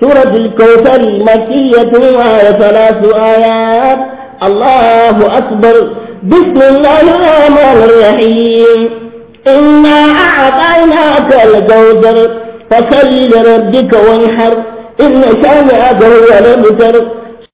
سورة الكوثر مكية ثلاث آيات الله أكبر بسم الله الرحمن الرحيم إنا أعطيناك الكوثر فصل لربك وانحر إن شانئك هو الأبتر